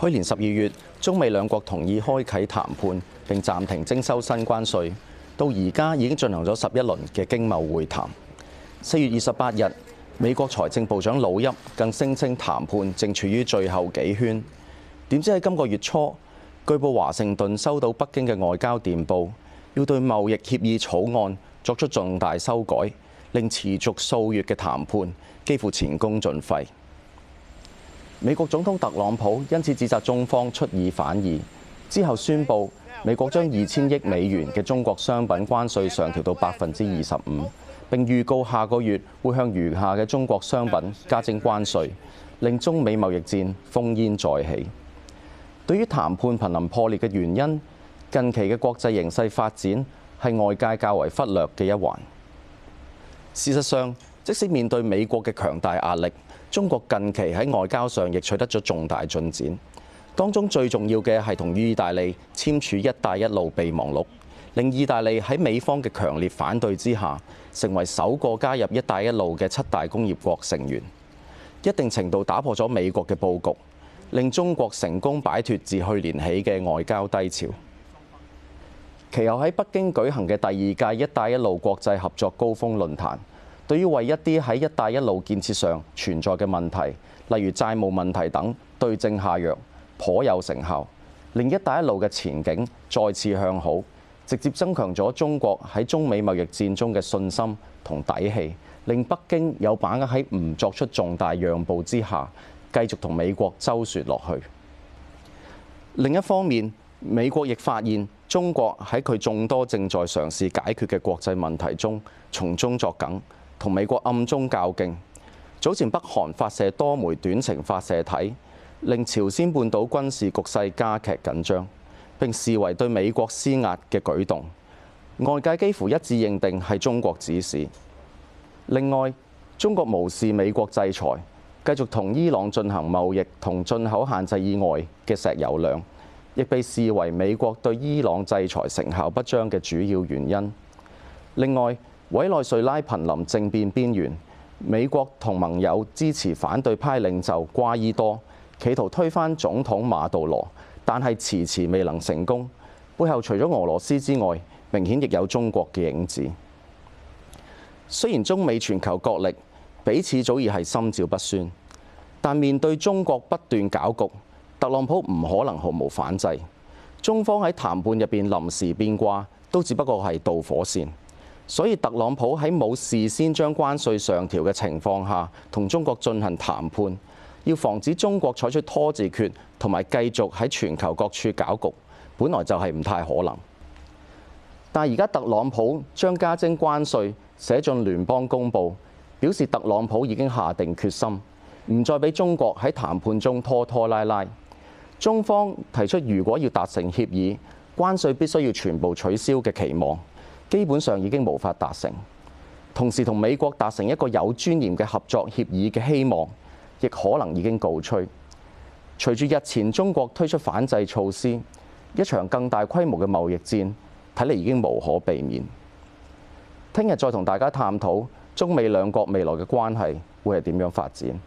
去年十二月，中美兩國同意開啓談判並暫停徵收新關稅，到而家已經進行咗十一輪嘅經貿會談。四月二十八日，美國財政部長努欽更聲稱談判正處於最後幾圈。點知喺今個月初，據報華盛頓收到北京嘅外交電報，要對貿易協議草案作出重大修改，令持續數月嘅談判幾乎前功盡廢。美國總統特朗普因此指責中方出爾反爾，之後宣布美國將二千億美元嘅中國商品關稅上調到百分之二十五，並預告下個月會向餘下嘅中國商品加徵關稅，令中美貿易戰烽煙再起。對於談判瀕臨破裂嘅原因，近期嘅國際形勢發展係外界較為忽略嘅一環。事實上，即使面對美國嘅強大壓力，中國近期喺外交上亦取得咗重大進展，當中最重要嘅係同意大利簽署「一帶一路」備忘錄，令意大利喺美方嘅強烈反對之下，成為首個加入「一帶一路」嘅七大工業國成員，一定程度打破咗美國嘅佈局，令中國成功擺脱自去年起嘅外交低潮。其後喺北京舉行嘅第二屆「一帶一路」國際合作高峰論壇。對於為一啲喺一帶一路建設上存在嘅問題，例如債務問題等對症下藥，頗有成效，令一帶一路嘅前景再次向好，直接增強咗中國喺中美貿易戰中嘅信心同底氣，令北京有把握喺唔作出重大讓步之下，繼續同美國周旋落去。另一方面，美國亦發現中國喺佢眾多正在嘗試解決嘅國際問題中，從中作梗。同美國暗中較勁。早前北韓發射多枚短程發射體，令朝鮮半島軍事局勢加劇緊張，並視為對美國施壓嘅舉動。外界幾乎一致認定係中國指使。另外，中國無視美國制裁，繼續同伊朗進行貿易同進口限制以外嘅石油量，亦被視為美國對伊朗制裁成效不彰嘅主要原因。另外，委內瑞拉瀕臨政變邊緣，美國同盟友支持反對派領袖瓜伊多，企圖推翻總統馬杜羅，但係遲遲未能成功。背後除咗俄羅斯之外，明顯亦有中國嘅影子。雖然中美全球角力彼此早已係心照不宣，但面對中國不斷搞局，特朗普唔可能毫無反制。中方喺談判入面臨時變卦，都只不過係導火線。所以特朗普喺冇事先將關稅上調嘅情況下，同中國進行談判，要防止中國採取拖字訣同埋繼續喺全球各處搞局，本來就係唔太可能。但而家特朗普將加徵關稅寫進聯邦公報，表示特朗普已經下定決心，唔再俾中國喺談判中拖拖拉拉。中方提出，如果要達成協議，關稅必須要全部取消嘅期望。基本上已經無法達成，同時同美國達成一個有尊嚴嘅合作協議嘅希望，亦可能已經告吹。隨住日前中國推出反制措施，一場更大規模嘅貿易戰，睇嚟已經無可避免。聽日再同大家探討中美兩國未來嘅關係會係點樣發展。